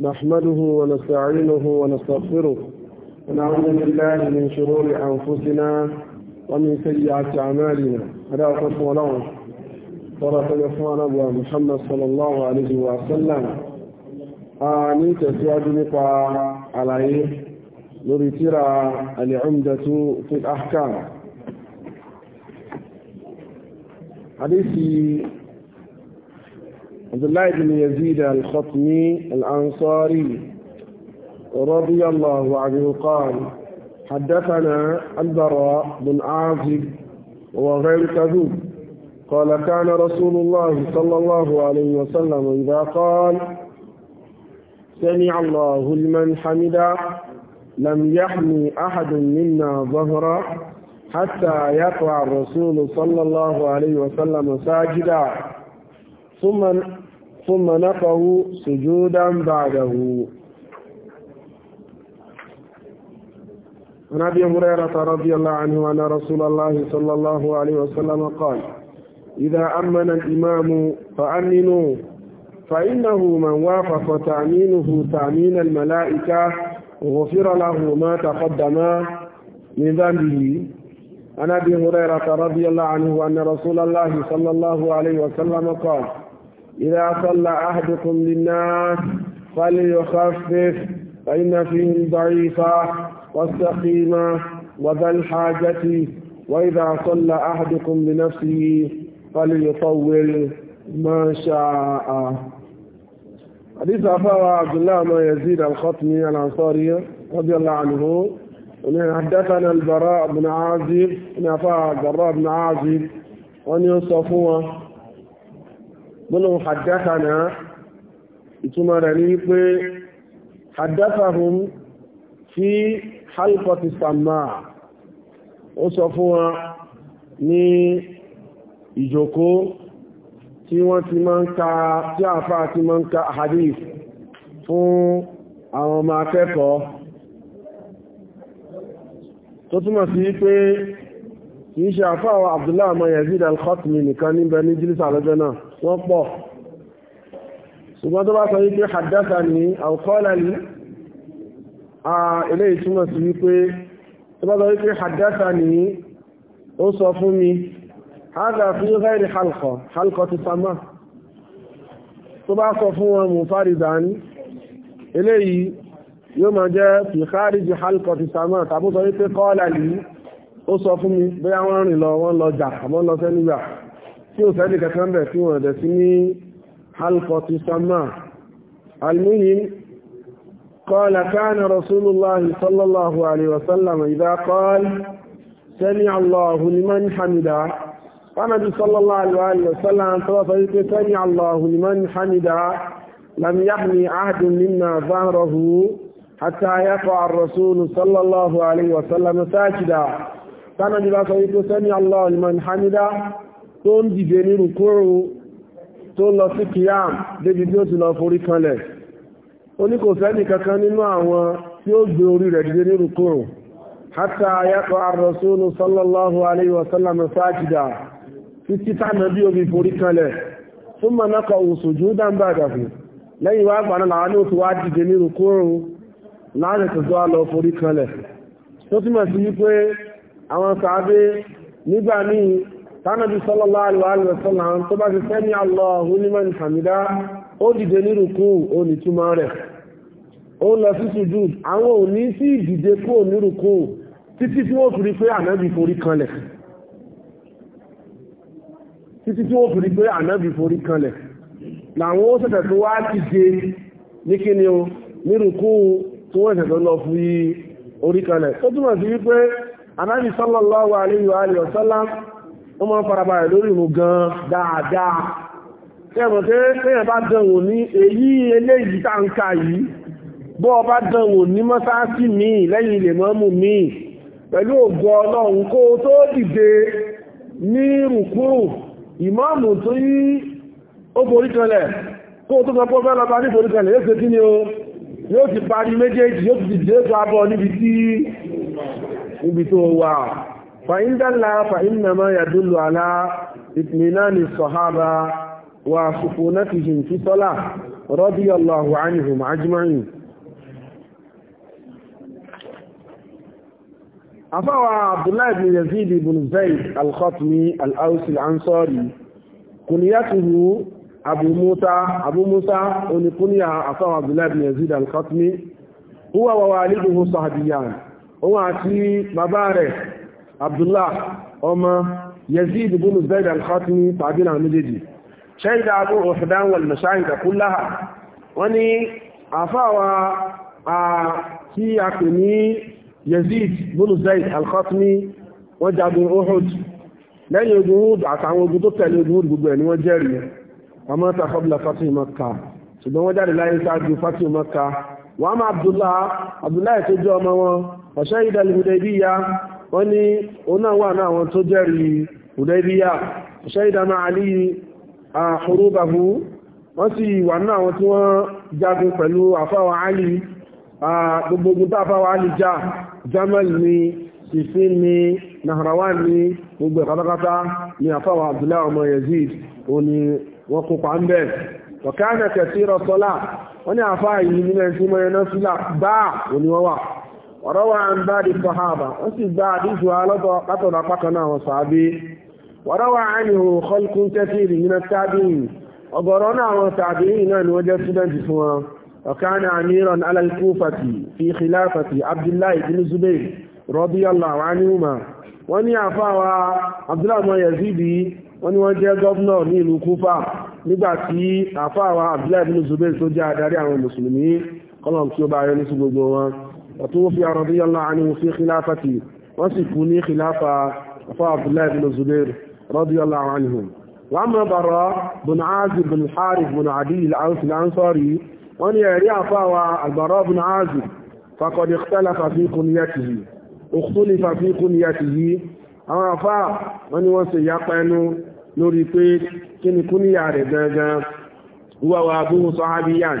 نحمده ونستعينه ونستغفره ونعوذ بالله من شرور أنفسنا ومن سيئات أعمالنا لا تصوى لهم طرف الإخوان أبو محمد صلى الله عليه وسلم آني تسواد نقع عليه نريترى العمدة في الأحكام حديثي عبد الله بن يزيد الخطمي الأنصاري رضي الله عنه قال حدثنا البراء بن عازب وغير كذوب قال كان رسول الله صلى الله عليه وسلم إذا قال سمع الله لمن حمد لم يحمي أحد منا ظهرا حتى يقع الرسول صلى الله عليه وسلم ساجدا ثم ثم نفه سجودا بعده عن ابي هريره رضي الله عنه ان رسول الله صلى الله عليه وسلم قال اذا امن الامام فامنوا فانه من وافق تامينه تامين الملائكه غفر له ما تقدم من ذنبه عن ابي هريره رضي الله عنه ان رسول الله صلى الله عليه وسلم قال إذا صلى أحدكم للناس فليخفف فإن فيهم ضعيفا والسقيما وذا الحاجة وإذا صلى أحدكم لنفسه فليطول ما شاء حديث أفاوى عبد الله ما يزيد الخطم الأنصاري رضي الله عنه حدثنا البراء بن عازب أفاوى البراء بن عازب ومن يصفوه gbọ́nà haddathana ìtumọ̀ rẹ̀ ní wípé haddathahum fi halqati samaa ó sọ fún wọn ní ìjòkó tí wọ́n ti máa ń ka tí àfáà ti máa ń ka hadith fún àwọn ọmọ akẹ́kọ̀ọ́ tó túnmọ̀ sí pé kìí ṣe àfáà wa Abdullah ọmọ Yazid al-Khatmi nìkan níbẹ̀ ní jílísà lọ́jọ́ náà wọ́n pọ̀ ṣùgbọ́n tó bá sọ wípé haddatha ni àwòkọ́lá ni eléyìí túmọ̀ sí wípé tó bá sọ wípé haddatha ni ó sọ fún mi hadha fi ghairi halqa halqa ti sama tó bá sọ fún wọn mú fáridà ní eléyìí yóò máa jẹ́ fi khariji halqa ti sama tàbí sọ wípé kọ́lá ni ó sọ fún mi bóyá wọ́n rìn lọ wọ́n lọ jà àbọ́n lọ sẹ́nígbà tí ò sẹ́lẹ̀ kankan bẹ̀ tí wọ́n dẹ̀ sí ní halkọtí samá almuhim قال كان رسول الله صلى الله عليه وسلم إذا قال سمع الله لمن حمده فنبي صلى الله عليه وسلم توفيت سمع الله لمن حمده لم يحمي عهد منا ظهره حتى يقع الرسول صلى الله عليه وسلم ساجدا فنبي صلى الله عليه وسلم سمع الله لمن حمده tó ń dìde nínú kóró tó lọ sí kiyam débi tí ó ti lọ forí kanlẹ̀ ó ní kò sẹ́ni kankan nínú àwọn tí ó gbé orí rẹ̀ dìde nínú kóró hátà ayakọ̀ ar sallallahu alayhi wa sallam sáàjìdá títí tánà bí omi forí kanlẹ̀ fún mọ̀nàkọ̀ òsùjú dáńbàdàfù lẹ́yìn wá gbà náà láwọn wá dìde nínú kóró láàrin tó lọ forí kanlẹ̀ tó tánàbí sallallahu alaihi wa sallam tó bá ti sami Allahu liman hamida ó dìde ní rùkú ó ní túmọ̀ rẹ̀ ó lọ sí sujud àwọn ò ní sí ìdìde kú ò ní rùkú títí tí wọ́n fi pé ànábì forí kanlẹ̀ làwọn ó ṣẹ̀ṣẹ̀ tó wá ti dé ní kíni o ní tí wọ́n ṣẹ̀ṣẹ̀ lọ fi orí kanlẹ̀ tó túmọ̀ sí wípé ànábì sallallahu alaihi wa sallam wọ́n máa ń farabalẹ̀ lórí ìrun gan dáadáa tẹ́mọ̀ tẹ́ tẹ́yàn bá dánwò ní èyí eléyìí tá ń ka yìí bọ́ ọ bá dánwò ní mọ́sáàsì míì lẹ́yìn ilẹ̀ mọ́mù míì pẹ̀lú ògo ọlọ́run kó tó dìde ní rùkúrù ìmáàmù tó yí ó forí kanlẹ̀ kó tó sọpọ̀ fẹ́ lọ́ba ní forí kanlẹ̀ yóò ṣe kí ni o yóò ti parí méjèèjì yóò ti dìde tó abọ́ níbi tí فإن دل فإنما يدل على اطمئنان الصحابة وسكونتهم في الصلاة رضي الله عنهم أجمعين أفوى عبد الله بن يزيد بن زيد الخطمي الأوسي الأنصاري كنيته أبو موسى أبو موسى ونكنية أفوى عبد الله بن يزيد الخطمي هو ووالده صحبيان هو أتي مبارك abdullah ọmọ yazid bin zaid al-khatmi tàbí náà méjèèjì ṣẹ́yìdá abu ọ̀sọ̀dán wal mashayida kullaha wọ́n ni àfáwà tí a pè ní yazid bin zaid al-khatmi wọ́n jagun uhud lẹ́yìn ogun uhud àtàwọn ogun tó tẹ̀lé ogun uhud gbogbo ẹ̀ ni wọ́n jẹ́rìí ọmọ tàfọ́bùlà fatih makka wọ́n ní oná wà náà wọn tó jẹ́rìí Hudaybiya ṣẹ́ìdámá alì àhúrúbàhú wọ́n sì wà náà wọn tí wọ́n jagun pẹ̀lú àfáwà alì gbogbogun tó àfáwà alì ni ìfin ni nahrawan ni yazid sí ọ̀rọ̀ wà ń bá di sọ̀hábà ó sì gba àdíjù alọ́tọ̀ látọ̀dọ̀ apákan náà wọ́n sàábé ọ̀rọ̀ wà á nìhò kọ́lùkún tẹ́tí ìrìnà tábìlì ọgọ̀rọ̀ náà wọ́n tàbíyìn náà ni wọ́n jẹ́ súdẹ́ǹtì fún wọn وكان أميرا على الكوفة في خلافة عبد الله بن زبير رضي الله عنهما wọ́n ní àfáwà abdullahi yazidi wọ́n ní wọ́n jẹ́ gọ́ọ̀nà ní ìlú kúfà nígbàtí àfáwà abdullahi bin zubair tó jẹ́ adarí àwọn mùsùlùmí kọ́lọ̀m tí ó bá yọ ní sí gbogbo wọn وتوفي رضي الله عنه في خلافته وصفني خلافة أفا عبد الله بن الزبير رضي الله عنهم وأما براء بن عازب بن الحارث بن عدي العنف الأنصاري وأن يري أفا البراء بن عازب فقد اختلف في كنيته اختلف في كنيته أما أفا وأن يوسي لوري بيت كن كنيا رجاجا هو وأبوه صحابيان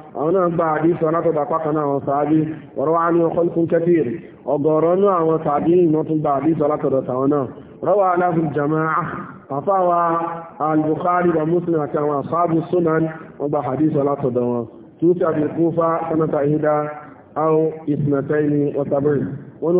àwọn náà gba àdísọ látọ̀dà pákan náà wọn sàábí ọ̀rọ̀ wa ní ọkọ̀lùkún kẹfìr ọgọ̀rọ̀ náà àwọn sàábí ìmọ̀ tún gba àdísọ látọ̀dọ̀ tàwọn náà rọwà aláfin jama'a àfáwà al-bukhari wa muslim àti àwọn asáàbù sunan wọn gba àdísọ látọ̀dọ̀ wọn tí ó ti àbí kúfà sanata ihida au isnataini wasabiri wọn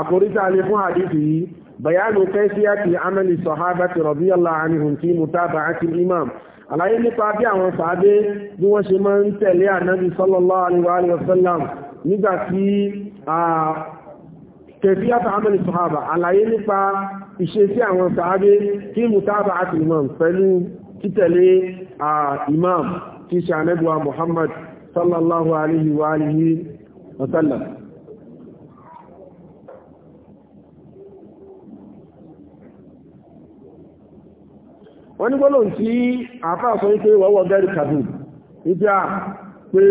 àkòrísà ní fún hadith yìí bayanu kẹ́síyàtì amẹ́lì sọ̀hábàtì radiyallahu anhum tí mutaba'ati imam àlàyé nípa bí àwọn sàábé bí wọ́n ṣe máa ń tẹ̀lé ànábì sallallahu alaihi wa sallam nígbà tí kẹfíyàtà amẹ́lì sọ̀hábà àlàyé nípa ìṣesí àwọn sàábé tí mutaba'ati imam pẹ̀lú títẹ̀lé imam tí ṣe ànábì wa muhammad sallallahu alaihi onígbọ́lọ̀ tí àfáà sọ wípé wọ́wọ́ gẹ́rì kàbù wípé à pé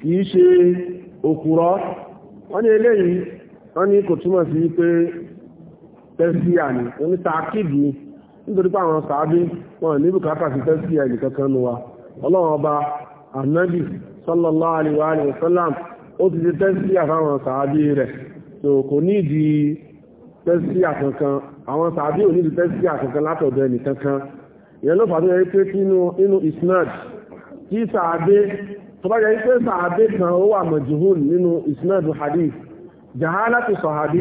kìí ṣe òkúrọ́ wọ́n ní eléyìí wọ́n ni kò túnmọ̀ sí wípé tẹ́síà ni wọ́n ní tààkìdì nítorí pé àwọn sàábí ní bùkátà sí tẹ́síà ìlú kankan nu wa ọlọ́run ọba anabi sallallahu kankan àwọn sàábí ò ní ìdí kankan látọ̀dọ̀ ẹnì kankan ìyẹn ló fàtó yẹ pé nínú isnad tí sàábé tó bá yẹ pé sàábé kan ó wà majhul nínú isnad hadith jahalatu sàábé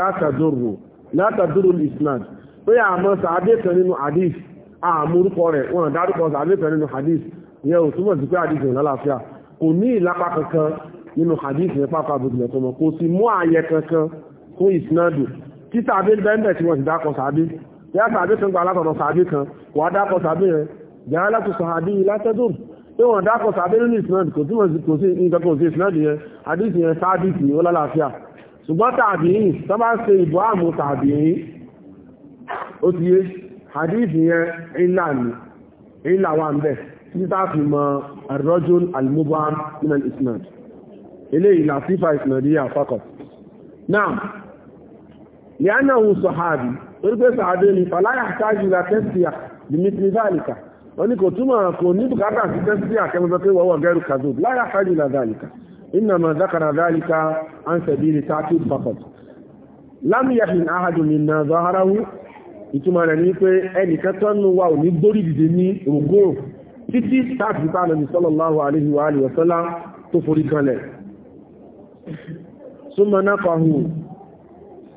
látàdúró látàdúró isnad pé àmọ́ sàábé kan nínú hadith àmúrúkọ rẹ̀ wọn dárúkọ sàábé kan nínú hadith ìyẹn ò túmọ̀ sí pé hadith yẹn lálàáfíà kò ní ìlápá kankan nínú hadith yẹn pápá bòtìlẹ̀ tó mọ̀ kò sì mú àyẹ kankan fún isnadu títà abẹ́ bẹ́ẹ̀ tí wọ́n ti dákọ̀ sàábé yá sàbí kan gba látọ̀dọ̀ sàbí kan wà á dákọ̀ sàbí yẹn yàrá látọ̀ sàbí látẹ́dùn pé wọ́n dákọ̀ sàbí nínú ìsinad kò túmọ̀ sí kò sí nǹkan kò sí ìsinad yẹn àdìsí yẹn sáàdìsì ó lálàáfíà ṣùgbọ́n tàbí yìí tó bá ṣe ìbò àmú tàbí yìí ó ti yé àdìsí yẹn ńlá ni ńlá wà ń bẹ̀ tá a fi mọ àrọ́jọ́n àlùmọ́bá nínú ìsinad eléyìí làfífà ìsinad yìí àfọkọ̀ náà lẹ́yìn àwọn sọ̀hábì torí pé sọ̀hábì ni fàlàyà káàkiri la tẹ́síà dimitri zalika wọ́n ní kò túmọ̀ kò ní bùkátà sí tẹ́síà kẹ́mọ́tọ́ pé wọ́wọ́ gẹ́rù kazob láyà káàkiri la zalika innama zakara zalika an sabili ta'kid faqat lam yahin ahadu minna zaharahu ìtumọ̀ rẹ̀ ní pé ẹnìkan tó nù wa ò ní gbórí dìde ní rògbòrò títí táàkì tá nàbì sallallahu alaihi wa alihi wa sallam tó forí kanlẹ̀ súnmọ́ náà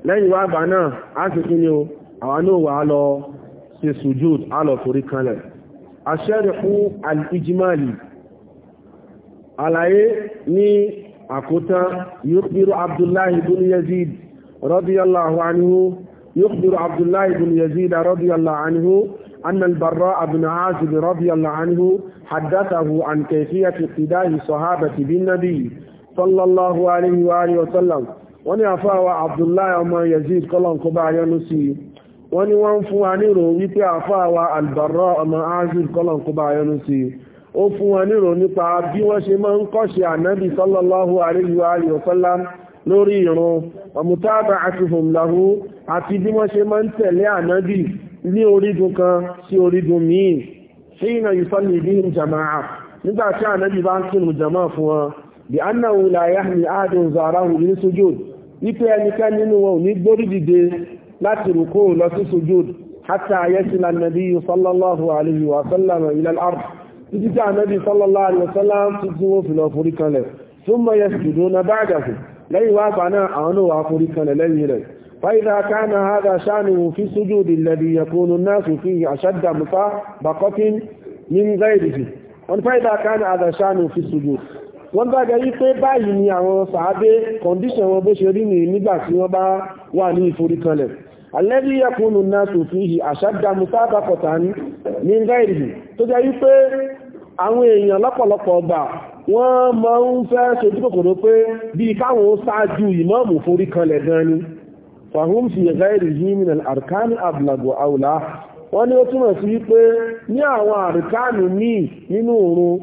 lẹ́yìn wá àgbà náà a sì kí ni o àwọn náà wà á lọ ṣe sujud á lọ torí kanlẹ̀ aṣẹ́rìkú al-ijimali àlàyé ní àkótán yukbiru abdullahi bin yazid radiyallahu anhu yukbiru abdullahi bin yazid radiyallahu anhu أن البراء بن عازب رضي الله عنه حدثه عن كيفية اقتداء الصحابة بالنبي صلى الله عليه وآله وسلم wọ́n ní àfáàwà abdullahi ọmọ yazid kọ́lọ̀nkọ́ bá yọnu sí i wọ́n ní wọ́n fún wa nírò wípé albarra ọmọ azid kọ́lọ̀nkọ́ kọba yọnu sí i ó fún wa nírò nípa bí wọ́n ṣe máa ń alayhi wa sallam lórí ìrun ọmọtáàbà àtìhùn lahu àti bí wọ́n ṣe máa ń tẹ̀lé ànábì ní orígun kan sí orígun míì ṣíyìnà yusalli bihim jama'a nígbà tí ànábì bá ń kírun jama'a fún wọn bí wípé ẹnikẹ́ nínú wọn ò ní gbórí dìde láti rùkú lọ sí sujud hatta yasila nàbí sallallahu alayhi wa sallam ila al-ard títí tí ànábì sallallahu alayhi wa sallam títí wọ́n fi lọ forí kanlẹ̀ thumma yasjuduna فإذا كان هذا شأنه في السجود الذي يكون الناس فيه أشد مطابقة من غيره فإذا كان هذا شأنه في السجود wọ́n gbàgbọ́ wípé báyìí ni àwọn sàábé kọ̀ǹdíṣàn wọn bó ṣe rí nìyí nígbà tí wọ́n bá wà ní ìforíkanlẹ̀ alẹ́bí yẹkùnù náà tó fi hì àṣádà mùsáàbàkọ̀tà ní ní gáìrì tó jẹ́ wípé àwọn èèyàn lọ́pọ̀lọpọ̀ ọgbà wọ́n máa ń fẹ́ ṣojú kòkòrò pé bí káwọn ṣáájú ìmọ̀ọ̀mù forí kanlẹ̀ gan ni fahum fi gáìrì yìí min arkani ablago aula wọ́n ní ó túmọ̀ sí wípé ní àwọn arkani míì nínú òrun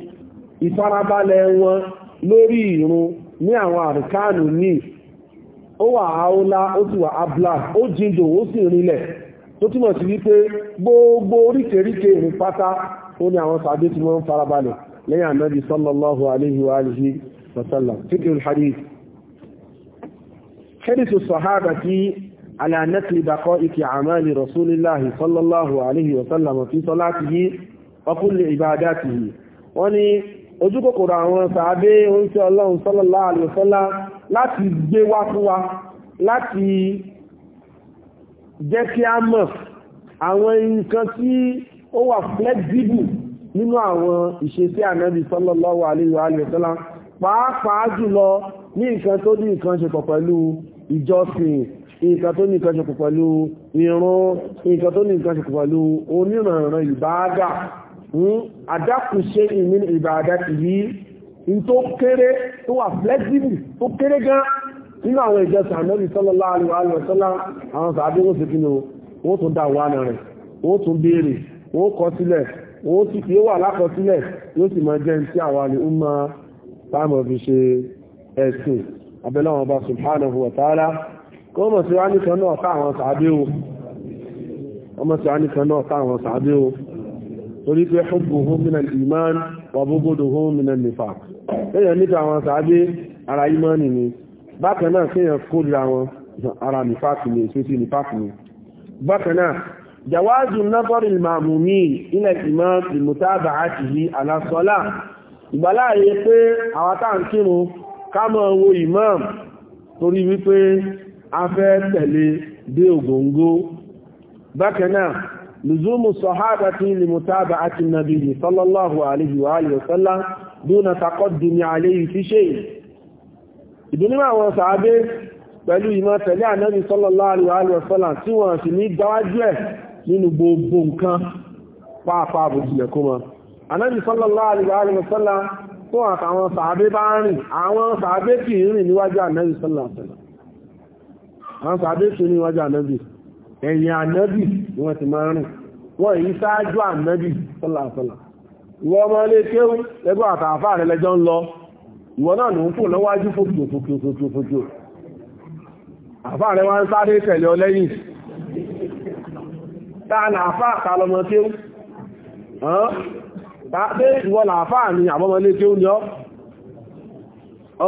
ìfarabalẹ̀ wọn lórí ìrun ní àwọn àrùkánù ní ó wà áúlá ó sì wà abla ó jíndò ó sì rinlẹ̀ tó túmọ̀ sí wípé gbogbo oríkèríkè ìrun pátá ó ní àwọn sàbí tí wọ́n ń farabalẹ̀ lẹ́yìn ànábi sallallahu wa alihi ojúkòkòrò àwọn sàábé oúnjẹ ọlọ́run sallallahu alaihi wasallam láti gbé wá fún wa láti jẹ́ kí a mọ̀ àwọn nǹkan tí ó wà flexible nínú àwọn ìṣesí ànábì sallallahu alaihi wasallam pàápàá jùlọ ní nǹkan tó ní nǹkan ṣe pọ̀ pẹ̀lú ìjọsìn nǹkan tó ní nǹkan adapu se ìbàdá ti yí in tó kéré kere wà flexible tó kere gan nínú àwọn ìjọsìn ànábì sallallahu alaihi àwọn sàádé wọ́n sì kí ni o tún dá wà náà rẹ̀ wọ́n tún béèrè wọ́n kọ sílẹ̀ wọ́n sì kí ó wà lákọsílẹ̀ yóò sì máa jẹ́ tí àwa ni ó máa táàmù ṣe ẹ̀sìn abẹ́láwọn ọba torí pé hubbuhum minal iman wa bughduhum minan nifaq èèyàn nípa àwọn sàábé ara ìmánì ni bákan náà kéèyàn kórìíra wọn ara nifaq ni èso sí nifaq ni bákan náà jawazu an-nazar al-ma'mumin ila al-imam li mutaba'atihi ala salah ìgbàláàyè pé àwọn táà kírun ká mọ́ wo torí wípé a fẹ́ tẹ̀lé dé ògóngó bákan لزوم الصحابة لمتابعة النبي صلى الله عليه وآله وسلم دون تقدم عليه في شيء ìdúnní àwọn sàábé pẹ̀lú ìmọ̀ tẹ̀lé ànábì sallallahu alaihi wasallam tí wọ́n sì ní dáwájú ẹ̀ nínú gbogbo nǹkan pàápàá bùjìlẹ̀ kó mọ́. ànábì sallallahu alaihi wasallam tó àtàwọn sàábé bá rìn àwọn sàábé kì í rìn níwájú ànábì sallallahu alaihi wasallam ẹ̀yìn ànábì ni wọ́n ti máa rìn wọ́n èyí sáájú ànábì sọ́làsọ́là ìwọ ọmọ ilé kéwú ẹgbẹ́ àtàfà rẹ ń lọ ìwọ náà ló ń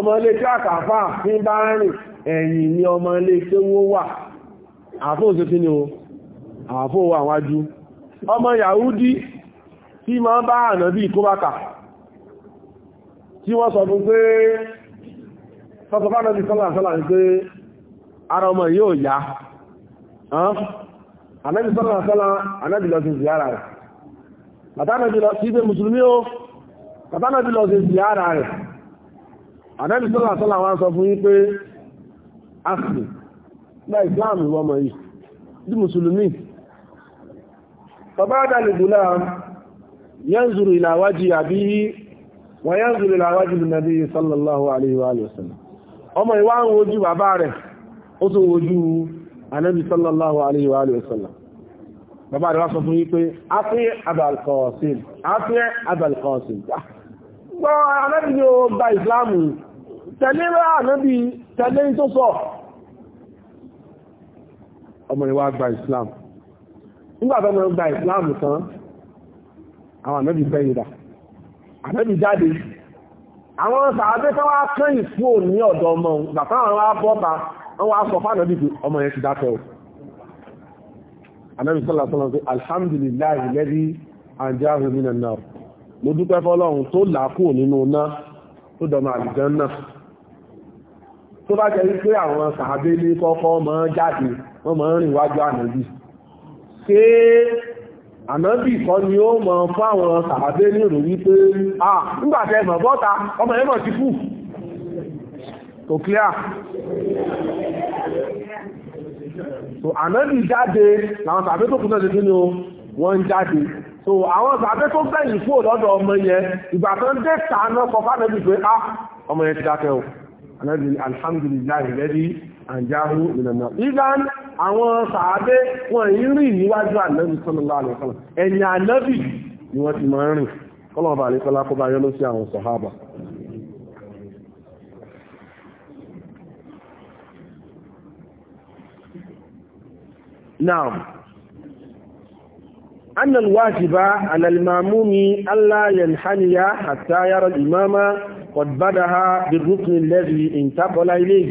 fò àkàfà ní bá rìn ẹ̀yìn ni ọmọlé tí ó wà àfóò sí kí ni o àfóò wà wájú ọmọ yahudi tí ma bá ànàbí kóbákà tí wọ́n sọ fún pé sọ́sọ́fánàbí sọ́làsọ́là ní pé ara ọmọ yóò yá ànàbí sọ́làsọ́là ànàbí lọ sí ziyara rẹ̀ látánàbí lọ sí ibe mùsùlùmí o látánàbí lọ sí ziyara rẹ̀ ànàbí sọ́làsọ́là wọ́n sọ fún yí pé asìlì gba islam ìwọ ọmọ yìí di mùsùlùmí bàbá àdàlùgbùlá yanzuru ila waji àbíyí wọ́n yanzuru ila waji nàbí sallallahu alaihi wa sallam ọmọ ìwá ń wojú bàbá rẹ̀ ó tún wojú anábi sallallahu alaihi wa sallam bàbá rẹ̀ wá sọ fún yí pé afẹ́ abàlkọ̀ọ̀sìn afẹ́ abàlkọ̀ọ̀sìn ah, gbọ́ anábi ni ó gba ìsìláàmù tẹ̀lé rẹ̀ anábi sọ ọmọ yẹn wá gba islam nígbà tó ọmọ gba islam tán àwọn ànábì bẹ́yìn dà ànábì jáde àwọn sàábé tó wá kán ìfú òní ọ̀dọ̀ ọmọ bàtà àwọn wá bọ́ta wọ́n wá sọ fánà dìbò ọmọ yẹn ti dákẹ́ o ànábì sọ́lá sọ́lá pé alhamdulillah lẹ́rí àjáhùn nínú náà mo dúpẹ́ fọ́lọ́run tó làákù nínú náà tó dọ̀nà àlùjànnà tó bá jẹ́ wípé àwọn sàábé ní kọ́kọ́ mọ́ jáde wọ́n máa rìn wájú ànábì ṣé ànábì kọ́ ni ó mọ̀ fáwọn sàbábé ní ìrò wípé à nígbàtẹ́ mọ̀ bọ́ta ọmọ ẹ̀mọ̀ ti kú tó clear so ànábì jáde làwọn sàbábé tó kù náà tuntun ni wọ́n jáde so àwọn sàbábé tó gbẹ̀yìn fò lọ́dọ̀ ọmọ yẹn ìgbà tó ń dé tàánà kọ fánàbì pé à ọmọ yẹn ti dákẹ́ o ànábì alhamdulillah ìrẹ́dí àjáhú ìrìnàmọ̀. Ìgbàn àwọn sàábé wọn yìí rìn níwájú ànábì sallallahu alaihi wasallam. Ẹ̀yìn ànábì ni wọ́n ti máa ń rìn. Kọ́lọ̀bà àlẹ́sọ́lá kó bá yọ́nú sí àwọn sàhábà. الواجب على الماموم ألا ينحني حتى يرى الإمام قد بدها بالركن الذي انتقل إليه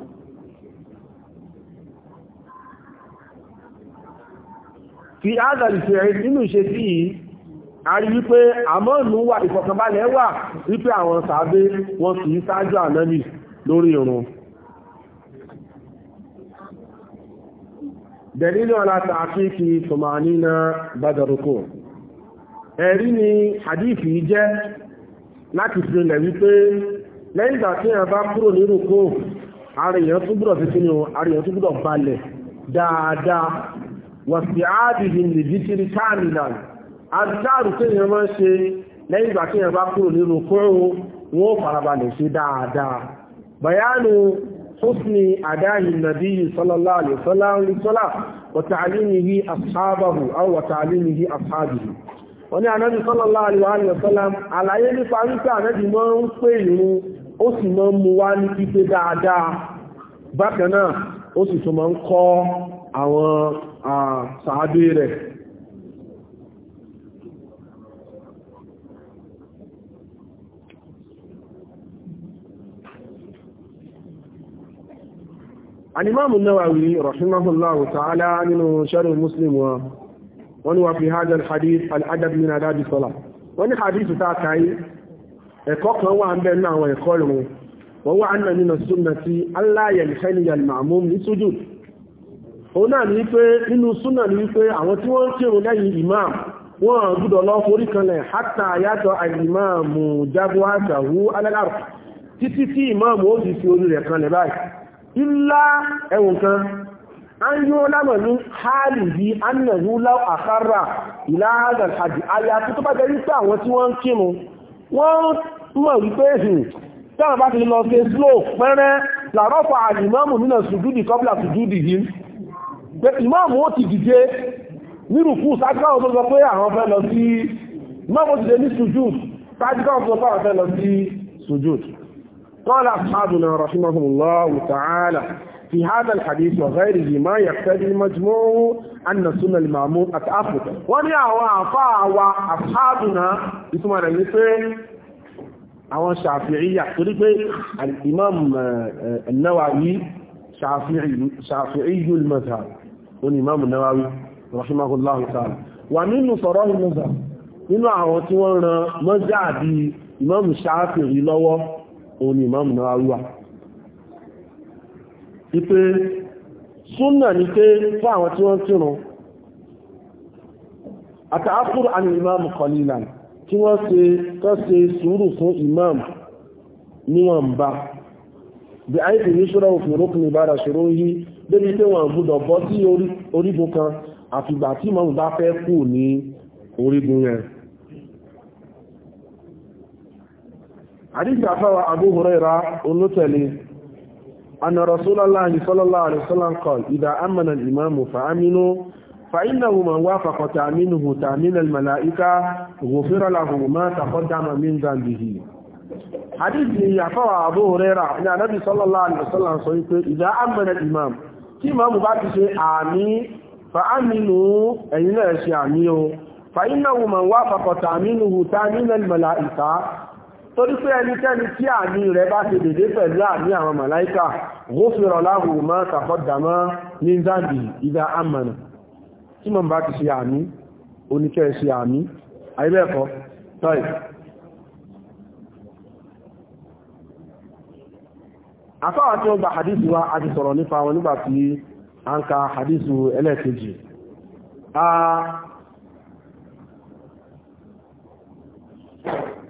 fi ádàlìfẹ́ nínú ìṣe sí yìí a rí wípé àmọ́nù wà ìfọ̀kànbalẹ̀ wà wípé àwọn sàábé wọn kìí ṣáájú ànábì lórí ìrun dẹ̀lílò aláta àkíkì tòmánínà bádọ̀rọ̀kọ́ ẹ̀rí ni hadith yìí jẹ́ láti fi rìnlẹ̀ wípé lẹ́yìn tí a bá kúrò ní rùkú àríyàn túbúrọ̀ fi sínú àríyàn wọ̀sí ààbìhìn lè zikiri káàmìlà àdìkáàrù tí èèyàn máa ń ṣe lẹ́yìn ìgbà tí èèyàn bá kúrò nínú kúrò wọ́n farabalẹ̀ ṣe dáadáa bayanu husni adáhìn nàbí sallallahu alaihi wasallam wa ta'limihi ashabahu aw wa ta'limihi sallallahu alaihi wasallam àlàyé nípa wípé anábi máa ń pè ìrun ó sì máa ń wá ní pípé dáadáa bákan náà ó sì tún máa àwọn sàábé rẹ̀ الإمام النووي رحمه الله تعالى من شر مسلم ونوى في هذا الحديث الأدب من أداب الصلاة وأن حديث تاكاي إقاق هو عن بيننا ويقوله وهو أن من السنة ألا ينحني المعموم للسجود O náà ní wípé nínú súnà ní wípé àwọn tí wọ́n ń lẹ́yìn imam wọ́n gbọ́dọ̀ lọ forí kanlẹ̀ hátà yàtọ̀ àìmáàmù jágbó àtàwú alẹ́lárù títí tí imam ó sì fi orí rẹ̀ kanlẹ̀ báyìí ilá ẹ̀wùn kan an yi wọ́n lámọ̀lú hálì bí annahu law àkárà ìlàhàzàn àjì ayàtú tó bá jẹ́ wípé àwọn tí wọ́n ń kínu wọ́n mọ̀ wípé hù hmm, táwọn bá ti lọ sí ìmáàmù ó ti dìde nírùkú sáàkọ́ tó sọ pé àwọn fẹ́ lọ sí ìmáàmù ti dé ní sujud sáàkọ́ tó pé àwọn fẹ́ lọ sí sujud قال أصحابنا رحمهم الله تعالى في هذا الحديث وغيره ما يقتضي مجموع أن سنة المأموم أتأخذ وني أوافا وأصحابنا اسمه رئيسي àwọn ṣàfihíyà torí pé al'imam eh, annawawi ṣàfihíyù al-mazhab oní ìmáàmù Nawawi rahimahullahu ta'ala wà nínú sọ̀rọ̀ ìmọ̀sà nínú àwọn tí wọ́n ran mọ́já àbí ìmáàmù Shafi'i lọ́wọ́ oní ìmáàmù Nawawi wà ipe súnà ní pé fún àwọn tí wọ́n kírun àtàkùrù àni ìmáàmù qalilan tí wọ́n ṣe tó ṣe sùúrù fún ìmáàmù níwọ̀nba bí àìsí ní ṣúra òfin rúkùn ìbára ṣòro yìí débi pé wọ́n gbọ́dọ̀ bọ́ kan àfìgbà tí mọ́mù bá fẹ́ kù ní orígun yẹn àdíjì àfáwà Abu Huraira olótẹ̀lé anna Rasulullahi sallallahu alaihi wasallam qala al-imamu fa'aminu فإنه من وافق تأمينه تأمين الملائكة غفر له tí ìmáàmù bá ti ṣe àmì fa'aminu ẹ̀yin náà ṣe àmì o fa'inahu man wá fàkọ̀tà àmínú hùtá nílẹ̀ màláìka torí pé ẹnikẹ́ni tí àmì rẹ̀ bá ṣe dédé pẹ̀lú àmì àwọn màláìka ghufira lahu ma taqaddama min zambi ìdá amànà afáwà tí ó gba hadith wa a ti sọ̀rọ̀ nípa wọn nígbà tí a ń ka hadith ẹlẹ́ẹ̀kejì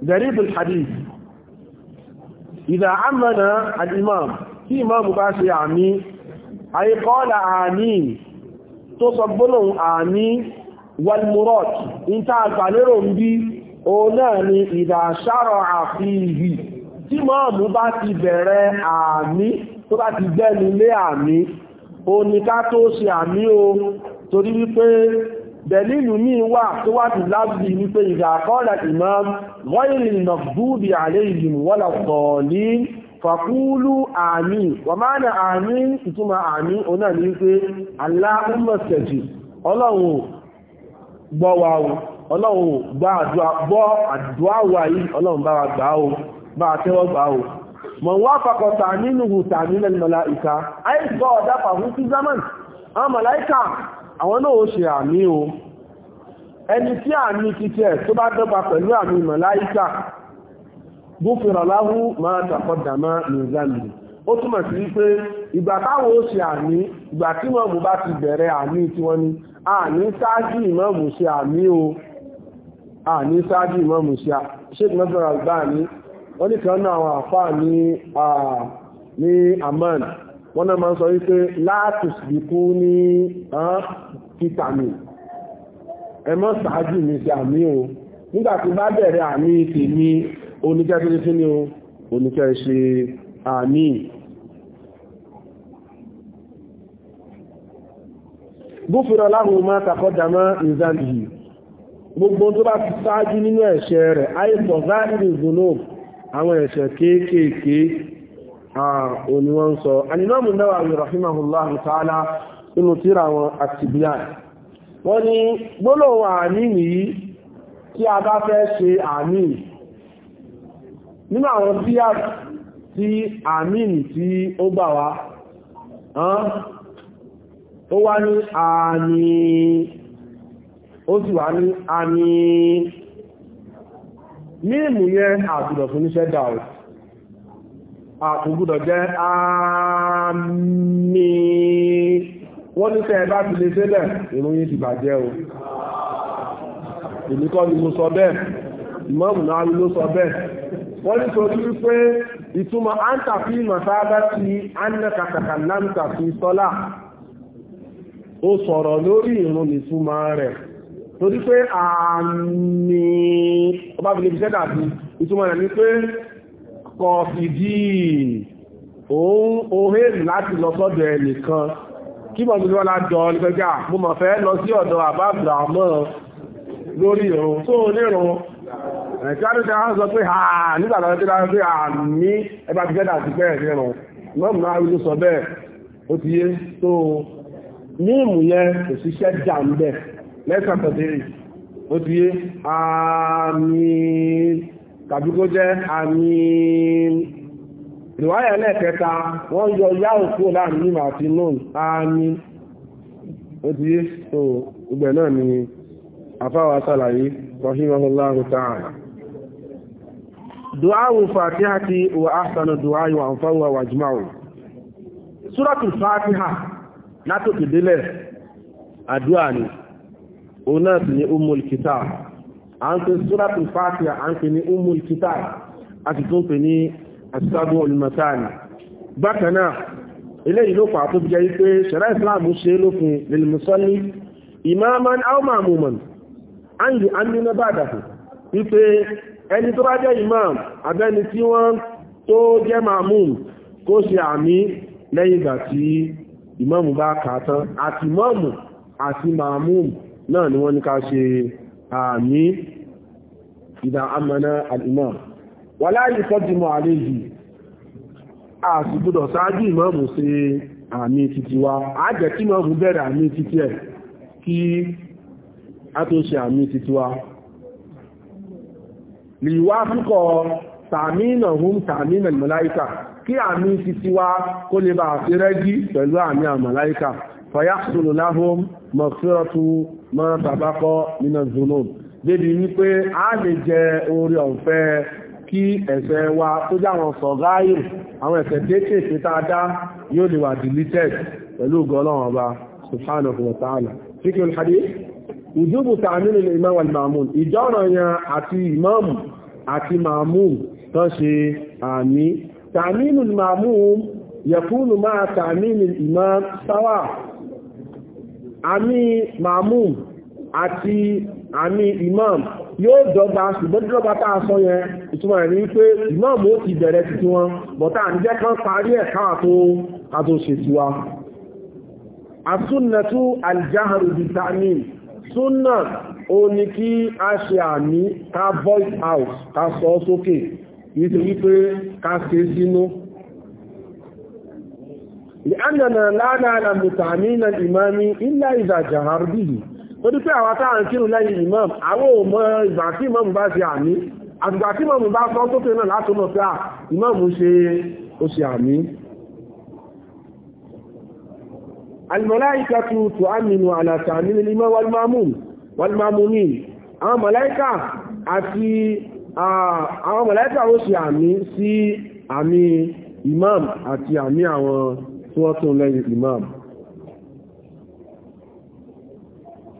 garibul hadith ìdá àmàna al'imam tí imam bá ṣe àmì àìkọ́lá àmì tó sọ gbónáhùn àmì walmurot in ta àgbàlérò ń bí o náà ni ìdá ṣárọ̀ àfihì tí mọ́ọ̀mù bá ti bẹ̀rẹ̀ àmì tó bá ti gbẹ́nu lé àmì o ní ká tó ṣe àmì o torí wípé bẹ̀lìlù ní wà tó wá ti lábí wípé ìdàkọ́lẹ̀ ìmọ̀ wọ́ìrìn nàgbúbi àlẹ́ ìlú wọ́lá tọ̀ọ̀lì fàkúlù àmì wà máa nà àmì ìtumọ̀ àmì oná ní wípé aláhùnmọ̀sẹ̀jì ọlọ́run gbọ́ wa o ọlọ́run gbọ́ àdúrà wa yìí ọlọ́run bá wa gbà bá àtẹ́wọ́ gbà ó mọ̀ wá fàkọta nínú hùtà nílẹ̀ mọ̀láìka àìsọ́ ọ̀dá pàfún sí zaman àwọn mọ̀láìka àwọn náà ó ṣe àmì o ẹni tí àmì títẹ́ tó bá dọ́gba pẹ̀lú àmì mọ̀láìka búfèrè láhú máa tàkọ́dà máa nìzàmì ó túmọ̀ sí wípé ìgbà táwọn ó ṣe wọ́n ní kan náà àwọn àfáà ní ní amman wọ́n náà máa ń sọ wípé látùsìkú ní títà mi ẹ mọ́ ṣáájú mi sí àmì o nígbà tí bá bẹ̀rẹ̀ àmì tèmi oníkẹ́ tó ti ní o oníkẹ́ ṣe àmì gúfèrè aláhùn máa tàkọ́dàmá ìzàlì gbogbo tó bá ti ṣáájú nínú ẹ̀ṣẹ̀ rẹ̀ àìsàn záàrì ìzùnú àwọn ẹ̀ṣẹ̀ kéékèèké òní wọ́n sọ Al-Imam Nawawi rahimahullahu ta'ala inú tíra wọn àtìbíyà wọ́n ní gbólóhùn àmì nìyí tí a bá fẹ́ ṣe àmì nínú àwọn bíyà tí àmì tí ó gbà wá ó wá ní àmì ó sì wá ní àmì mímù yẹn àtùdọ̀ fún iṣẹ́ dà àtùgbùdọ̀ jẹ́ àmì wọ́n ní tẹ́ bá ti lè ṣe ìròyìn ti bàjẹ́ o èmi ni mo sọ bẹ́ẹ̀ ìmọ̀mù náà ló sọ bẹ́ẹ̀ wọ́n ní torí wípé ìtumọ̀ áńtà fi ti náà fi sọ́lá ó sọ̀rọ̀ lórí ìtumọ̀ rẹ̀ torí pé àmì ọba fi lè fi sẹ́dà sí ìtumọ̀ rẹ̀ ní pé kọfìdí òun ohèrì láti lọ sọ́dọ̀ ẹnìkan kí mọ̀ nílọ́ lájọ nígbẹ́gbà mo mọ̀ fẹ́ lọ sí ọ̀dọ̀ àbá àbúrámọ́ lórí ìrùn tó onírun ẹ̀kí àdúgbà sọ pé à nígbà tó dé láti pé àmì ẹbá ti gẹ́dà sí bẹ́ẹ̀ nírun mọ́mù náà rí ló sọ bẹ́ẹ̀ ó ti yé tó ní ìmùyẹn kò síṣẹ́ jà ń bẹ́ẹ̀ lẹ́sà tọ̀tẹ̀rì ó ti yé àmín tàbí kó jẹ́ àmín ìwáyà lẹ́ẹ̀kẹta wọ́n yọ yáò kó láàrin mímọ̀ àti nùn àmín ó ti yé ìgbẹ̀ náà ni afáwà sàlàyé rahimahullahu du'awu látòkè délẹ̀ ni òun náà sì ni umul kitab à ń pè suratul fatiha à ń pè ní umul kitab a sì ni pè ní asadu olùmọ̀tánì bákan náà eléyìí ló pàtó bí jẹ́ pé ṣẹ̀rá islam ṣe lófin lèlùmùsọ́lì imaman auma muman an yi an nuna bá dàfù wípé ẹni tó bá imam abẹ́ni tí wọ́n tó jẹ́ mamun kó ṣe àmì lẹ́yìn ìgbà tí imam bá kàtán àti mọ́mù àti mamun náà ni wọ́n ní ká ṣe àmì ìdá amana al-imam wà láàyè tọ́júmọ̀ àlejì àti gbọ́dọ̀ ṣáájú ìmọ̀ọ̀mù ṣe àmì títí wa á jẹ́ kí mọ̀ọ̀mù bẹ̀rẹ̀ àmì títí ẹ̀ kí a tó ṣe àmì títí wa lìwá púpọ̀ tàmínà hum tàmínà màláíkà kí àmì fàyàṣùlù láhùn mọ̀síọ́tù mọ́tàbákọ́ nínú zùnú débi wípé a lè jẹ orí ọ̀fẹ́ kí ẹ̀ṣẹ̀ wa tó jáwọn sọ̀gáyìrì àwọn ẹ̀ṣẹ̀ kéékèèké tá a dá yóò lè wà deleted pẹ̀lú gọ́lọ́wọ́n ọba subhanahu wa ta'ala fíkì olùhadí ìjúbù imam wal ma'mum ìjọ́ràn yẹn àti imam àti ma'mum tán ṣe àmì imam sáwà àmì ma'mum àti àmì imam yóò dọ́gba ṣùgbọ́n dọ́gba tá a sọ yẹn ìtumọ̀ rẹ̀ ní pé imam ó ti bẹ̀rẹ̀ títí wọn bọ̀tá àníjẹ́ kan parí ẹ̀ káàtó àtò ṣètìwá asúnnàtú aljaharu bitamin súnnà ó ní kí a ṣe voice out ká sọ sókè nítorí pé لأننا لا نعلم بتعميم الإمام إلا إذا جهر به torí pé àwọn táà ń kírun lẹ́yìn imam àwọn ò mọ ìgbà tí imam bá ṣe àmì àtìgbà tí imam bá sọ tó pé náà látò mọ̀ pé à ah, imam ṣe ó ṣe àmì alìmọ̀láìkà tó tó àmìnú àlàtà nínú imam àmì imam àti àmì àwọn tí wọ́n tún lẹ́yìn imam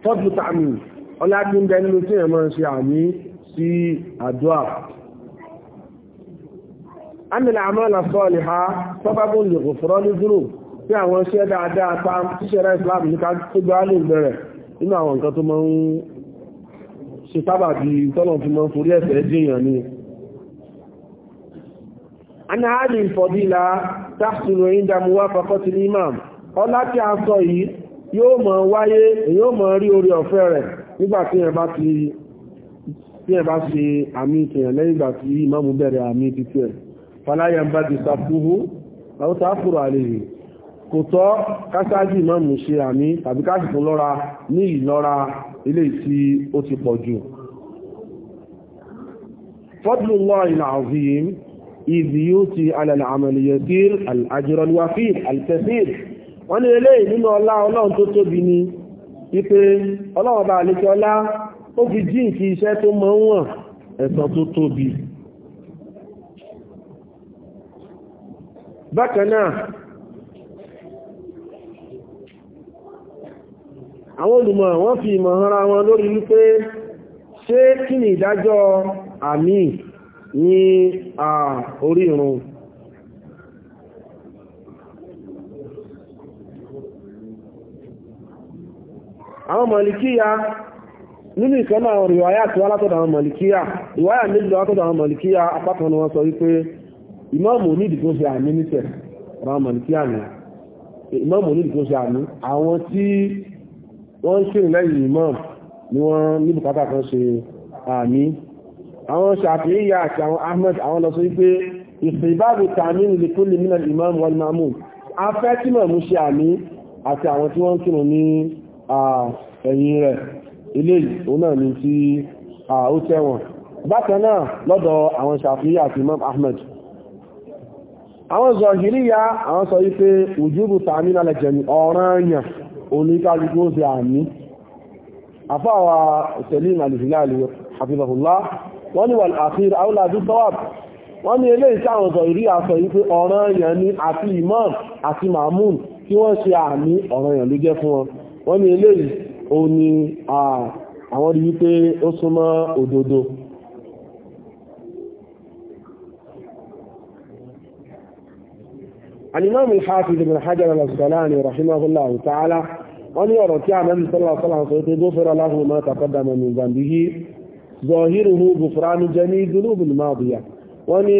fọ́dù tààmì ọlágbíndẹ nínú tí ẹ̀mọ́ ṣe àmì sí àdúà ánìlà àmọ́lá sọ́ọ̀lì ha sọ́bábùn lè kò fọ́rọ́ ní dúró tí àwọn iṣẹ́ dáadáa ta tíṣẹ́rẹ́ islam ní ká tó gbá lè bẹ̀rẹ̀ nínú àwọn nǹkan tó máa ń ṣe sábàbí tọ́lọ̀ fi máa ń forí ẹ̀ṣẹ̀ jìyàn ni an hadi fadila tahsulu inda muwafaqati al-imam ọlá tí a sọ yìí yóò mọ̀ wáyé yóò mọ̀ rí orí ọ̀fẹ́ rẹ̀ nígbà tí ẹ bá ti tí ẹ bá ṣe àmì ìtìyàn lẹ́yìn ìgbà tí ìmáàmù bẹ̀rẹ̀ àmì títí ẹ̀ fàláyà bá ti sàfúhú àwọn tààfùrù àlèyé kò tọ́ kásáájì ìmáàmù ṣe àmì tàbí káṣìkò lọ́ra ní ìlọ́ra ilé tí ó ti pọ̀ jù fọ́dùlù lọ́ ìdíyóti alàlàmàlìyàtí al'ajirọlúwàfí alkẹfíìr wọ́n ní eléyìí nínú ọlá ọlọ́run tó tóbi ni wípé ọlọ́run bá lè kí ọlá ó fi jí ìkí iṣẹ́ tó mọ́ wọ̀n ẹ̀san tó tóbi bákan náà àwọn olùmọ̀ wọ́n fi ìmọ̀ hànra wọn lórí wípé ṣé kí ni ìdájọ́ àmì ní orí ìrun àwọn mọ̀lìkíyà nínú ìkẹ́nà àwọn ìwáyà tí wá látọ̀dọ̀ àwọn mọ̀lìkíyà ìwáyà méjì látọ̀dọ̀ àwọn mọ̀lìkíyà apákan ni wọ́n sọ wípé ìmáàmù onídìí tó ṣe àmì nítẹ̀ ọ̀rọ̀ mọ̀lìkíyà ni ìmáàmù onídìí tó ṣe àmì àwọn tí wọ́n ń ṣe lẹ́yìn ìmáàmù ni wọ́n ní bùkátà kan ṣe àmì àwọn ṣàfihíyà àti àwọn ahmed àwọn lọ sọ wípé ìsìnbáàbù tààmì ní lèkúlè mínà imam wal mamun afẹ́ tí mọ̀ mú ṣe àmì àti àwọn tí wọ́n kírun ní ẹ̀yìn rẹ̀ eléyìí òun náà ní tí ó tẹ́wọ̀n bákan náà lọ́dọ̀ àwọn ṣàfihíyà àti imam ahmed àwọn zọ̀hìríyà àwọn sọ wípé òjúbù tààmì wọ́n ní wal akhir aula bi sawab wọ́n ní eléyìí táwọn sọ ìrí aṣọ yìí pé ọ̀ràn èèyàn ni àti imam àti mamun tí wọ́n ṣe àmì ọ̀ràn èèyàn ló jẹ́ fún wọn wọ́n ní eléyìí ó àwọn rí wípé ó súnmọ́ òdodo الإمام الحافظ بن حجر الأسقلاني رحمه الله تعالى أن يرى كعب النبي صلى الله ظاهره gùfúránú jẹ ní dúnúbùn máàbùyà wọ́n ní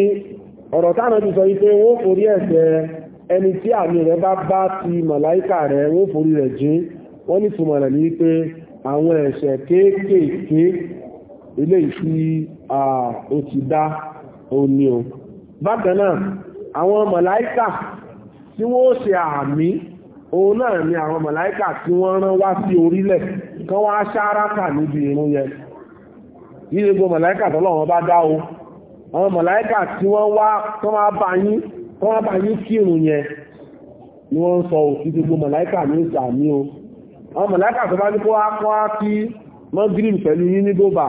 ọ̀rọ̀ táwọn ti sọ wípé wọ́n forí ẹ̀ṣẹ̀ ẹni tí àmì rẹ̀ bá bá ti màláíkà rẹ̀ wọ́n forí rẹ̀ jìn wọ́n ní túmọ̀ rẹ̀ ní wípé àwọn ẹ̀ṣẹ̀ kéékèèké ilé ìfi ó o bákan náà àwọn màláíkà tí wọ́n ṣe àmì òun náà ni àwọn màláíkà tí wọ́n rán wá sí orílẹ̀ kan wá ṣáraka níbi ìrún yẹn ní gbogbo mọ̀láíkà tọ́lọ́wọ́n bá dá o àwọn mọ̀láíkà tí wọ́n wá tán wá bá yín tán wá yẹn ni wọ́n ń sọ òsì gbogbo mọ̀láíkà ní ìsàmí o àwọn mọ̀láíkà tó bá ní kó wá kọ́ mọ́gírìn pẹ̀lú yín ní dóbà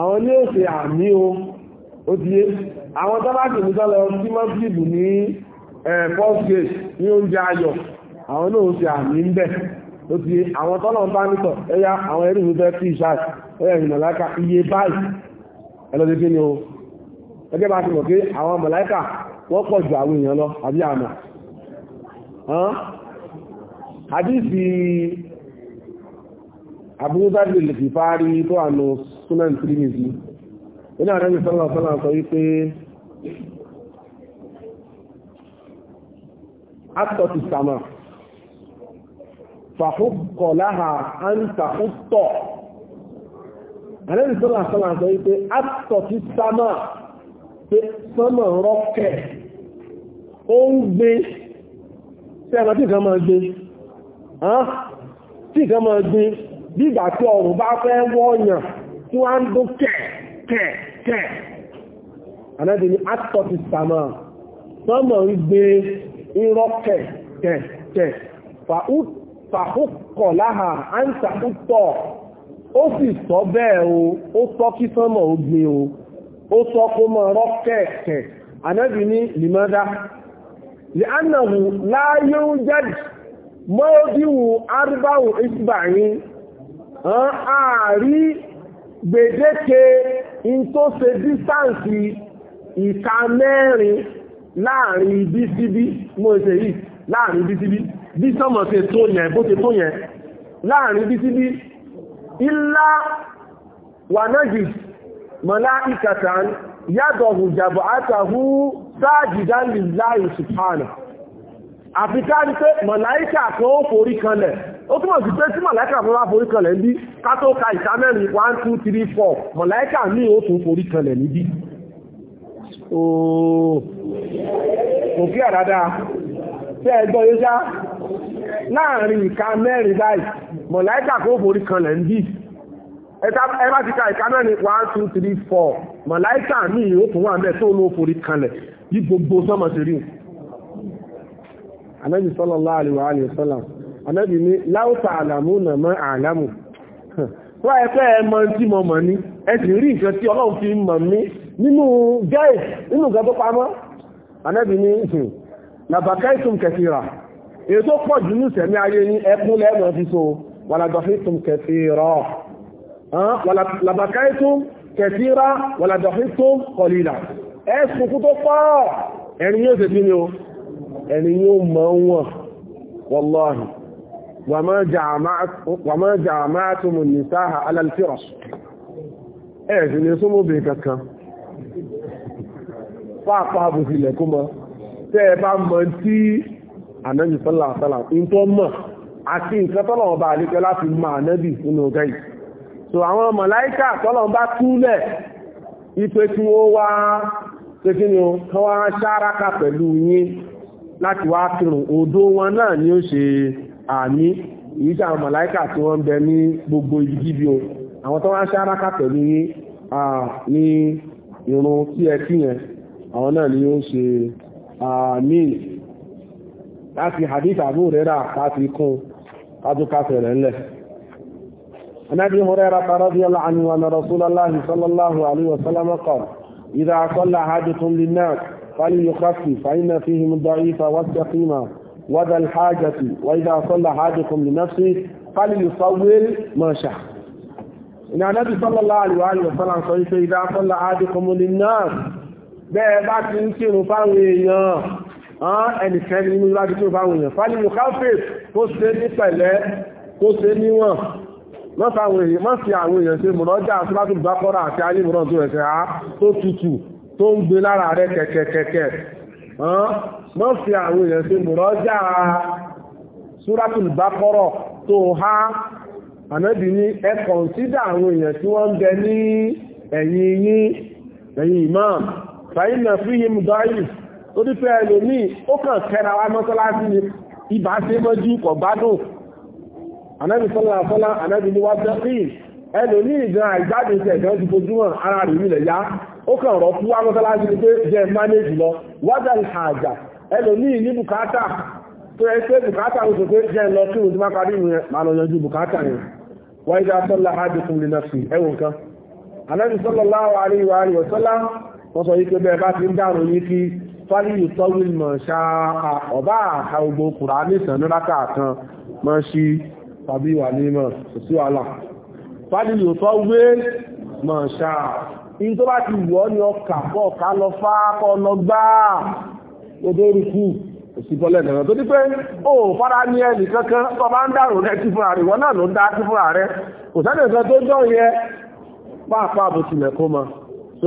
àwọn ní òsè àmì o ó ti àwọn tó sì ní tọ́lọ sí mọ́gírìn ní eh, ẹ̀ pọ́s ó ti àwọn tọ́lọ̀ ń bá nítọ̀ ẹ̀yà àwọn ẹrù ìfẹ́ tí ìṣáà ẹ̀yà ìmọ̀láíkà iye báyìí ẹlọ́dẹ́ kí ni o ẹgbẹ́ bá ti mọ̀ pé àwọn mọ̀láíkà wọ́n pọ̀ ju àwọn èèyàn lọ àbí àmọ̀ àdíìsì àbúrúdádì lè fi fárí tó ànà súnà tìrìmìsì nínú àrẹ́bì sọ́lọ̀ sọ́lọ̀ sọ wípé atọ́ ti sàmà fàhùkọ̀ láhà áńtà ọ̀tọ̀ àlẹ́rìí sọ́nà sọ́nà sọ wípé àtọ̀ sí sámà pé sọ́nà rọ́kẹ̀ ó ń gbé tí a tí ìkan máa gbé tí ìkan máa gbé bí ìgbà tí ọrùn bá fẹ́ wọ́ọ̀yàn tí wọ́n ń dún kẹ̀ kẹ̀ kẹ̀ àlẹ́rìí ni àtọ̀ sí sámà sọ́nà ń gbé ń rọ́kẹ̀ kẹ̀ kẹ̀ fàhùkọ̀ fàkókọ̀ láhà á ń sàkótọ̀ ó sì sọ bẹ́ẹ̀ o ó sọ kí sánmà ó gbé o ó sọ kó mọ rọ́kẹ̀ẹ̀kẹ̀ ànábì ní lìmọ́dá lè ánàwò láyé ń jáde mọ́ọ́díwò arúbáwò ìsìbàyín àárí gbèdéke in tó ṣe dísáǹsì ìka mẹ́rin láàrin ibi síbí mọ́ ìṣèyí láàrin ibi bí sọ́mọ̀ ṣe tó yẹn bó ṣe tó yẹn láàrin bí síbí ilá wà nájìs mọ̀lá ìkàtàn yàtọ̀ hùjàbọ̀ àtàhù sáàjìdá lillahi subhanahu àfikà ní pé mọ̀láíkà kan ó forí kanlẹ̀ ó túnmọ̀ sí pé tí mọ̀láíkà fún wá forí kanlẹ̀ níbí ká ka ìta one two three four mọ̀láíkà ní ó tún forí kanlẹ̀ níbí ooo kò kí àdáadáa tí ẹ gbọ́ yóò ṣáá láàrin ìka mẹ́rin báyìí mọ̀láíkà kó borí kan lẹ̀ ń bì ẹ bá ti ka ìka mẹ́rin one two three four mọ̀láíkà ní ìyókùn wà mẹ́ tó ló forí kanlẹ̀ yí gbogbo sọ́mọ̀ sí rí Ànábì sallallahu alaihi wa sallam Ànábì ní láwùsà àlàmúnà mọ́ àlámù wọ́n ẹ̀fẹ́ ẹmọ tí mo mọ̀ ní ẹ̀sì rí ìfẹ́ tí ọlọ́run fi mọ̀ mí nínú gẹ́ẹ̀ nínú gẹ́ẹ̀ tó pamọ́ Ànábì ní labakaitum kathira èyí tó pọ̀ jù ní ìsẹ̀mí ayé ní ẹkún lẹ́mọ̀ fi so wàlàdọ̀fítùm kẹfìrọ̀ wàlàbàkáìtùm kẹfìrà wàlàdọ̀fítùm kọlìlà ẹ̀sùnkú tó pọ̀ ẹ̀rin yóò ṣe bí ni o ẹ̀rin yóò mọ̀ wọn wọlọ́hìn wàmọ́ jàmáàtùmù nìsáhà alàlfírọ̀ ẹ̀sìn ni súnmọ́bìn kankan pàápàá bùsílẹ̀ kú mọ́ tẹ́ ẹ bá mọ̀ tí ànábì sọ́là sọ́là in tó mọ̀ àti nǹkan tọ́lọ̀ ọba àlékẹ́ láti mọ ànábì nínú ọjọ́ yìí so àwọn màláíkà tọ́lọ̀ bá túlẹ̀ ipe tí ó wá pẹ́kínú kan wá pẹ̀lú yín láti wá kírun odó wọn náà ni ó ṣe àmì ìyíkà àwọn màláíkà tí wọ́n ń bẹ ní gbogbo ibikíbi àwọn tó wá pẹ̀lú yín ní irun tí ẹ kí yẹn àwọn náà ni ó ṣe àmì láti hadith Abu Hurairah láti kún kájúkásẹ̀ rẹ̀ lẹ̀. Anábi Hurairah radiyallahu anhu wa Rasulullah sallallahu alaihi wa sallam qala idha qalla hajatun lin-nas falyukhaffi fa inna fihim ad-da'ifa was-saqima wa dhal hajati wa idha qalla hajatun li nafsi falyusawwir ma sha'a. Ina Anábi sallallahu alaihi wa sallam sọ ife bẹ́ẹ̀ bá ti ń kírun fáwọn èèyàn ẹnìkan nínú láti tó fáwọn èèyàn fálí mú káfíìs tó ṣe ní pẹ̀lẹ́ tó ṣe níwọ̀n má fi àwọn èèyàn ṣe mọ̀lọ́jà síláàtù bákọ́rà àti ayé mìíràn tó ẹ̀sẹ̀ á tó tutù tó ń gbé lára rẹ̀ kẹ̀kẹ̀kẹ̀kẹ̀ má fi àwọn èèyàn ṣe mọ̀lọ́jà síláàtù bákọ́rà tó há ànábì ní ẹ kọ̀ǹsídà àwọn èèyàn tí wọ́n ń bẹ ní ẹ̀yìn yín ẹ̀yìn imam fàyínà fíhìm dáìsì torí pé ẹlòmíì ó kàn kẹra wá mọ́sálásí ni ibà ṣe mọ́jú kọ̀ gbádùn anábì sọ́lá sọ́lá anábì ni wá tẹ́kì ẹlòmíì gan àìgbádùn tẹ̀ gan ti fojú hàn ara rẹ̀ nílẹ̀ yá ó ni pé jẹ́ mánéjì lọ wájà ìhàjà ẹlòmíì ní bùkátà tó ẹ pé bùkátà ó sọ pé jẹ́ lọ kí òun ti má parí ìrìn máa lọ yanjú bùkátà yẹn wọ́n sọ yí pé bẹ́ẹ̀ bá ti ń dárò yí kí fárí ìtọ́wìn mọ̀ ṣáà ọ̀bá àha ogbò kùrà nìsàn ní rákà kan mọ́ sí tàbí wà ní mọ̀ sí wàhálà fárí ìtọ́wìn mọ̀ ṣáà in tó bá ti wọ́ ni ọkà pọ̀ ká lọ fá kọ́ lọ gbá odórúkú òsìbọ́lẹ̀ náà tó ní pé ó fara ní dá tí fúnra rẹ kò sẹ́nì kan tó jọ yẹ pàápàá bó tilẹ̀ kó mọ so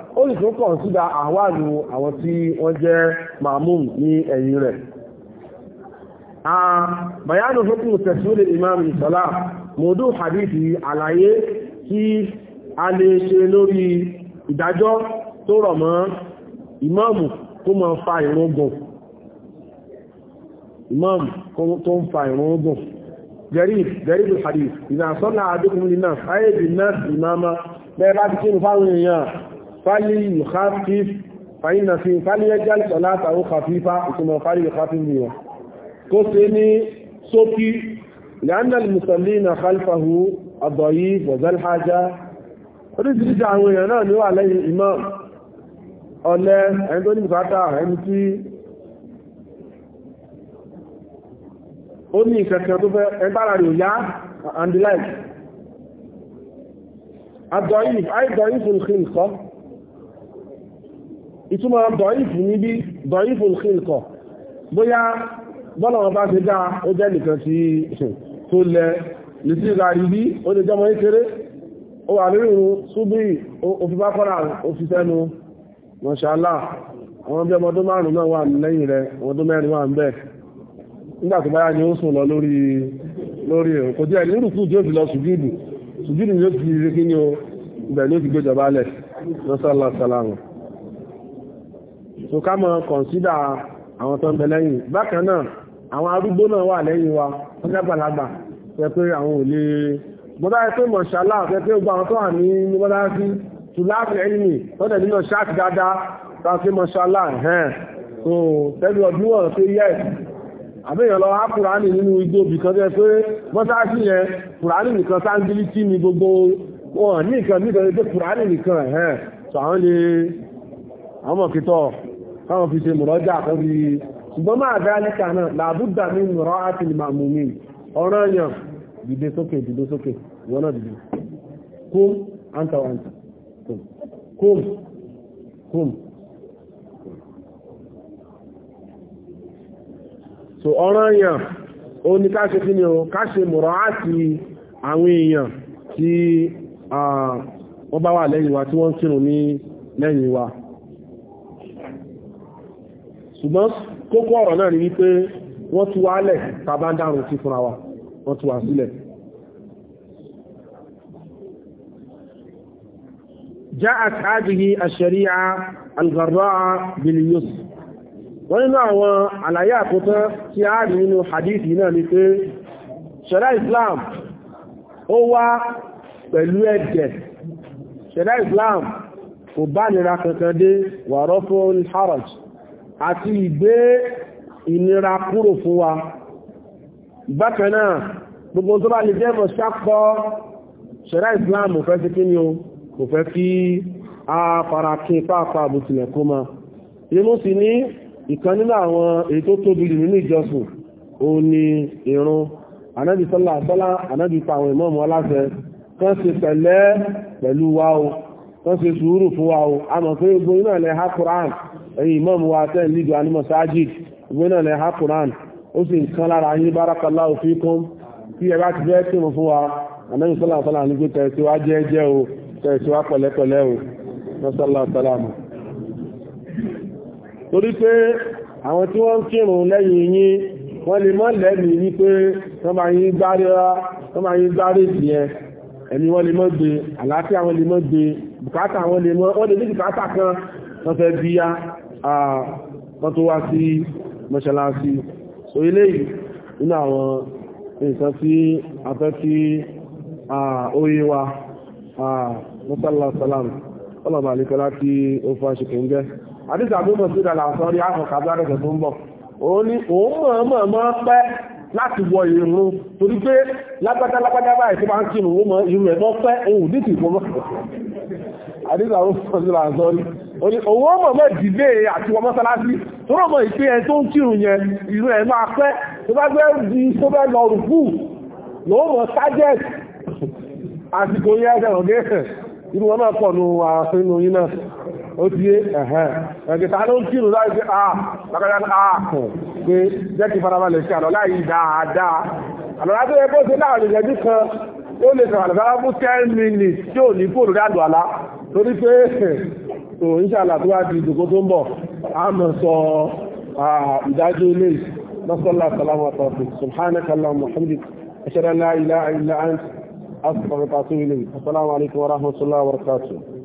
ó lè tún kàn sídà àwáàlù àwọn tí wọ́n jẹ́ ma'mum ní ẹ̀yìn rẹ̀ a bayanu hukum tẹ̀sílẹ̀ imam ìsọ́lá Modu hadithi àlàyé tí a lè ṣe lórí ìdájọ́ tó rọ̀ mọ́ ìmáàmù tó máa fa ìrun gùn ìmáàmù tó ń fa ìrun gùn gẹ̀rìb gẹ̀rìbù hadith ìdásọ́lá adékùnrin náà fáyé náà ìmáàmá bẹ́ẹ̀ bá ti kí fálí yukhafif fàyínà fi fálí ẹjá sọ̀láta ó kàfífà ìtumọ̀ fálí yukhafif ni wọn kó se ní sókí lẹ́ánàlì musalli na khalfahu àbọ̀yí bọ̀zálhájá oríṣiríṣi àwọn èèyàn náà ni wà lẹ́yìn imam ọ̀lẹ ẹni tó ní bùkátà ẹni tí ó ní ìkẹ̀kẹ̀ ìtumọ̀ dọ̀ífù níbi dọ̀ífù nkìlkọ̀ bóyá bọ́lá wọn bá ṣe dá ó jẹ́ nìkan tí tó lẹ létí ìràrí bí ó lè jọmọ ékeré ó wà lórí irun súbí òfìfá kọ́ra òfìsẹ́nu mọ̀ṣálà àwọn bí ọmọdún márùn náà wà lẹ́yìn rẹ̀ ọmọdún mẹ́rin wà ń bẹ̀ nígbà tó báyá ni ó sùn lọ lórí lórí irun kò díẹ̀ nírùkú tí ó fi lọ sùjúdù sùjúdù ni ó ti rí kí ni ó ibẹ̀ ni ó ti gbéjọba lẹ̀ lọ́sàlá sàlámù so ká mọ̀ kọ̀nsídà àwọn tó ń bẹ lẹ́yìn bákan náà àwọn arúgbó náà wà lẹ́yìn wa wọ́n jágbàlagbà pẹ́ pé àwọn ò lè bọ́dá ẹ pé mọ̀ṣálá pẹ́ pé gbogbo àwọn tó wà ní bọ́dá sí tùláàfì ẹ̀yìn tọ́tẹ̀ nínú ṣáàtì dáadáa tá sí mọ̀ṣálá ẹ̀hẹ́n so tẹ́lú ọdún wọ̀n pé yẹ́ àbẹ́yàn lọ á kùránì nínú igbó bìkan tẹ́ pé mọ́sáàsì yẹn kùránì nìkan sáńgílítì ni gbogbo wọn ní nǹkan nígbà pé kùránì nìkan ẹ̀hẹ́n so àwọn lè àwọn mọ̀kítọ́ káwọn fi ṣe mùrọ́jà kan ṣùgbọ́n máa dá níta náà làbúdà ní mùrọ́ àti màmúmi ọ̀rọ̀ yàn dìde sókè dìde sókè wọ́n náà dìde kúm àǹtà kúm kúm so ọ̀rọ̀ yàn ó ní káṣe ni o káṣe mùrọ́ àti àwọn èèyàn tí ah, wọ́n bá wà lẹ́yìn wa tí wọ́n ń kírun ní lẹ́yìn wa ṣùgbọ́n kókó ọ̀rọ̀ náà ni wípé wọ́n tú wá lẹ̀ tàbá ń dárun sí fúnra wa wọ́n tú wá sílẹ̀ جاءت هذه الشريعة الغراء باليسر وإن هو على ياقوت في هذه من حديث هنا مثل شرع الإسلام هو pẹ̀lú ẹ̀jẹ̀ ṣẹ̀dá islam kò bá nira kankan dé wà rọ́fún haraj àti ìgbé ìnira kúrò fún wa bákan náà gbogbo tó bá lè jẹ́ mọ̀ sápọ̀ ṣẹ̀rá Islam fẹ́ sí kí ni o kò fẹ́ kí a fara kí pàápàá bùtìlẹ̀ kó ma inú sì ní ìkan nínú àwọn èyí tó tóbi jù nínú ìjọsìn ó ní ìrun anábì sọ́lá sọ́lá anábì pa àwọn ìmọ̀ọ̀mù aláṣẹ kan ṣe pẹ̀lẹ́ pẹ̀lú wa o kan ṣe sùúrù fún wa o a mọ̀ pé gbogbo iná ilẹ̀ ha Quran ẹ̀yìn imam wa tẹ́ nídò anímọ̀ sáájì ìgbónàlẹ̀ ha quran ó sì nǹkan lára yín barakallahu fikum tí ẹ bá ti fẹ́ tí mo fún wa anáyìn sọ́là sọ́là ní pé tẹ̀sí wa jẹ́ẹ́jẹ́ o tẹ̀sí wa pẹ̀lẹ́pẹ̀lẹ́ o mọ́sálà sálàmù torí pé àwọn tí wọ́n ń kírun lẹ́yìn yín wọ́n lè mọ́ lẹ́mìí wípé wọ́n máa yín gbáre rá wọ́n máa yín gbáre sí ẹ ẹ̀mí wọ́n lè mọ́ gbé àlàáfíà wọ́n lè mọ́ gbé bùkátà wọ́n lè mọ́ wọ́n lè ní bùkátà kan wọ́n fẹ́ bí ya wọ́n tó wá sí mọ́ṣálásí so ilé inú àwọn nǹkan tí a fẹ́ kí oye wa mọ́sálásálàm ọlọ́bà àlekọ́lá kí ó fún aṣèkè ń jẹ́ àdísà àbúmọ̀ sí ìdàlà àsọ́rí àkọ́kọ́ abúlárẹ̀kẹ̀ tó ń bọ̀ òun ni òun mọ̀ọ́mọ̀ pẹ́ láti wọ ìrún torí pé lágbàtà lágbàtà báyìí tó bá ń kírun ó mọ irun ẹ̀mọ́ pẹ́ òun dìtì ìfọwọ́ àdísà àbúmọ̀ sí ìdàlà àsọ́rí òní òun ọmọ mọ́ ìdílé àti wọn mọ́sálásí tó rọ̀ mọ́ ìpé ẹ tó ń kírun yẹn ìlú ẹ̀ máa pẹ́ tó bá gbé di tó bẹ́ lọ rùkú lòun mọ̀ sájẹ́t àsìkò yẹn ẹ̀jẹ̀ rọ̀gẹ́ inú wọn náà pọ̀ nù ààfin nù yín náà ó ti yé ẹ̀hẹ́n ẹ̀gẹ̀ta ló ń kírun láì pé ah lákàtà ah pé jẹ́ kí farabalẹ̀ ṣe àlọ́ láì dáadáa àlọ́ láti ẹgbẹ́ ó ti láàrin ìrẹ́jú kan ó lè sọ̀rọ̀ àlọ́ fún ten minutes tí ò ní kúrò dáàdù àlá torí pé so inṣàlá tó wá di ìdòkó tó ń bọ̀ a mọ̀ sọ ìdájọ́ ilé lọ́sọ́lá sàlámù àtàkùn subhanakallah muhammad ashhadu an la ilaha illa ant astaghfiruka wa atubu ilayk assalamu alaikum wa rahmatullahi wa barakatuh